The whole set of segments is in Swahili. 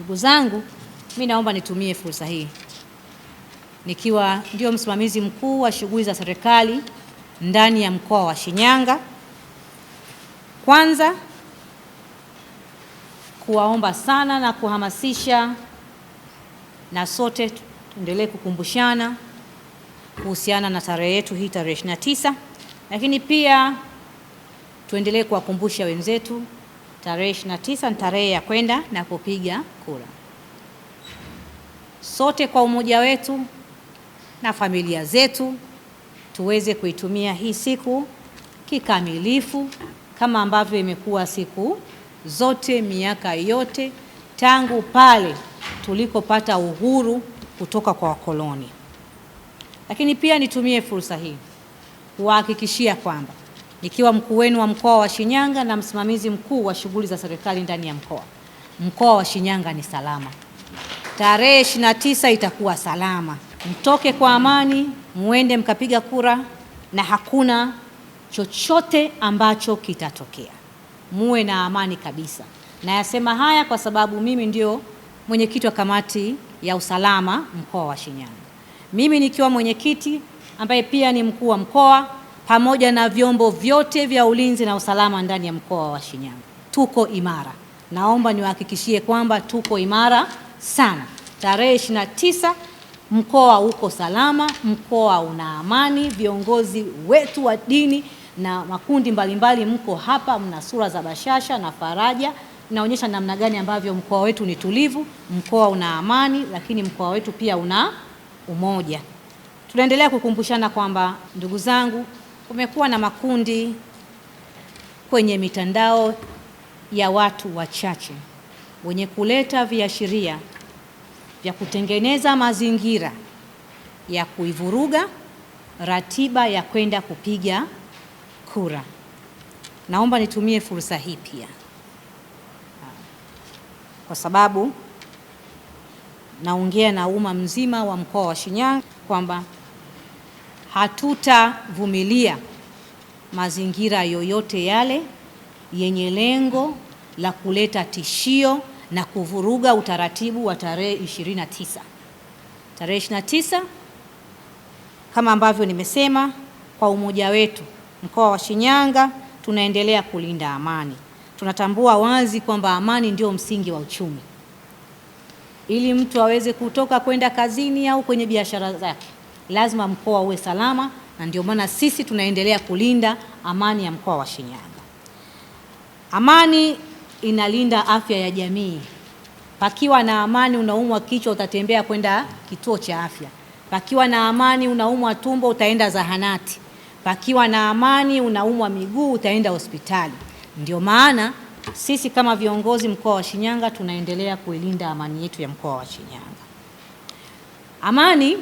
Ndugu zangu, mimi naomba nitumie fursa hii nikiwa ndio msimamizi mkuu wa shughuli za serikali ndani ya mkoa wa Shinyanga, kwanza kuwaomba sana na kuhamasisha na sote tuendelee kukumbushana kuhusiana na tarehe yetu hii tarehe 29, lakini pia tuendelee kuwakumbusha wenzetu Tarehe 29 ni tarehe ya kwenda na kupiga kura. Sote kwa umoja wetu na familia zetu tuweze kuitumia hii siku kikamilifu kama ambavyo imekuwa siku zote miaka yote tangu pale tulikopata uhuru kutoka kwa wakoloni. Lakini pia nitumie fursa hii kuwahakikishia kwamba nikiwa mkuu wenu wa mkoa wa Shinyanga na msimamizi mkuu wa shughuli za serikali ndani ya mkoa. Mkoa wa Shinyanga ni salama, tarehe 29 itakuwa salama. Mtoke kwa amani, muende mkapiga kura na hakuna chochote ambacho kitatokea. Muwe na amani kabisa. Nayasema haya kwa sababu mimi ndio mwenyekiti wa kamati ya usalama mkoa wa Shinyanga, mimi nikiwa mwenyekiti ambaye pia ni mkuu wa mkoa pamoja na vyombo vyote vya ulinzi na usalama ndani ya mkoa wa Shinyanga. Tuko imara, naomba niwahakikishie kwamba tuko imara sana. Tarehe 29 mkoa uko salama, mkoa una amani. Viongozi wetu wa dini na makundi mbalimbali mko hapa, mna sura za bashasha na faraja, naonyesha namna gani ambavyo mkoa wetu ni tulivu, mkoa una amani, lakini mkoa wetu pia una umoja. Tunaendelea kukumbushana kwamba ndugu zangu kumekuwa na makundi kwenye mitandao ya watu wachache wenye kuleta viashiria vya kutengeneza mazingira ya kuivuruga ratiba ya kwenda kupiga kura. Naomba nitumie fursa hii pia kwa sababu naongea na umma mzima wa mkoa wa Shinyanga kwamba Hatutavumilia mazingira yoyote yale yenye lengo la kuleta tishio na kuvuruga utaratibu wa tarehe 29. Tarehe 29 kama ambavyo nimesema, kwa umoja wetu mkoa wa Shinyanga tunaendelea kulinda amani. Tunatambua wazi kwamba amani ndio msingi wa uchumi. Ili mtu aweze kutoka kwenda kazini au kwenye biashara zake lazima mkoa uwe salama, na ndio maana sisi tunaendelea kulinda amani ya mkoa wa Shinyanga. Amani inalinda afya ya jamii. Pakiwa na amani, unaumwa kichwa, utatembea kwenda kituo cha afya. Pakiwa na amani, unaumwa tumbo, utaenda zahanati. Pakiwa na amani, unaumwa miguu, utaenda hospitali. Ndio maana sisi kama viongozi mkoa wa Shinyanga tunaendelea kuilinda amani yetu ya mkoa wa Shinyanga. Amani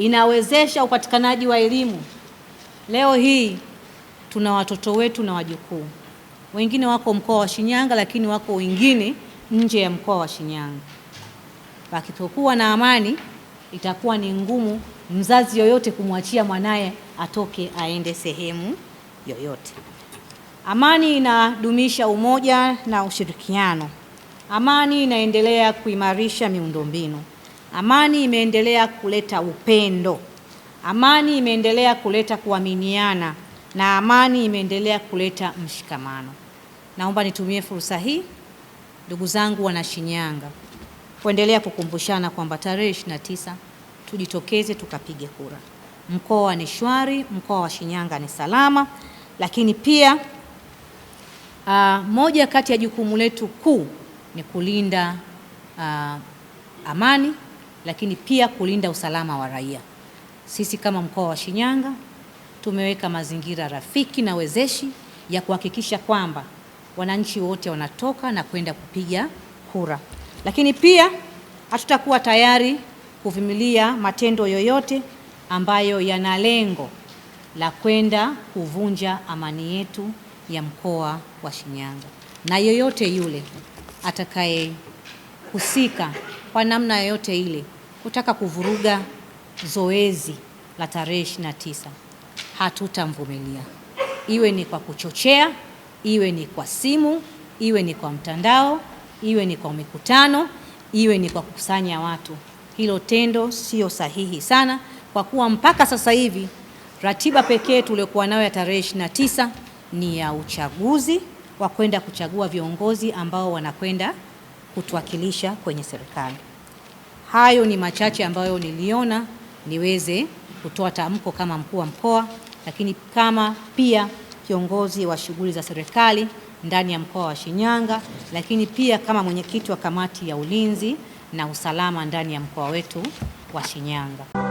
inawezesha upatikanaji wa elimu. Leo hii tuna watoto wetu na wajukuu wengine wako mkoa wa Shinyanga, lakini wako wengine nje ya mkoa wa Shinyanga. Pakipokuwa na amani, itakuwa ni ngumu mzazi yoyote kumwachia mwanaye atoke aende sehemu yoyote. Amani inadumisha umoja na ushirikiano. Amani inaendelea kuimarisha miundombinu. Amani imeendelea kuleta upendo, amani imeendelea kuleta kuaminiana na amani imeendelea kuleta mshikamano. Naomba nitumie fursa hii, ndugu zangu wana Shinyanga, kuendelea kukumbushana kwamba tarehe 29 tujitokeze tukapige kura. Mkoa ni shwari, mkoa wa Shinyanga ni salama, lakini pia Uh, moja kati ya jukumu letu kuu ni kulinda uh, amani lakini pia kulinda usalama wa raia. Sisi kama mkoa wa Shinyanga tumeweka mazingira rafiki na wezeshi ya kuhakikisha kwamba wananchi wote wanatoka na kwenda kupiga kura, lakini pia hatutakuwa tayari kuvumilia matendo yoyote ambayo yana lengo la kwenda kuvunja amani yetu ya mkoa wa Shinyanga, na yoyote yule atakayehusika kwa namna yoyote ile kutaka kuvuruga zoezi la tarehe tisa hatutamvumilia, iwe ni kwa kuchochea, iwe ni kwa simu, iwe ni kwa mtandao, iwe ni kwa mikutano, iwe ni kwa kukusanya watu. Hilo tendo sio sahihi sana, kwa kuwa mpaka sasa hivi ratiba pekee tuliokuwa nayo ya tarehe tisa ni ya uchaguzi wa kwenda kuchagua viongozi ambao wanakwenda kutuwakilisha kwenye serikali. Hayo ni machache ambayo niliona niweze kutoa tamko kama mkuu wa mkoa, lakini kama pia kiongozi wa shughuli za serikali ndani ya mkoa wa Shinyanga, lakini pia kama mwenyekiti wa kamati ya ulinzi na usalama ndani ya mkoa wetu wa Shinyanga.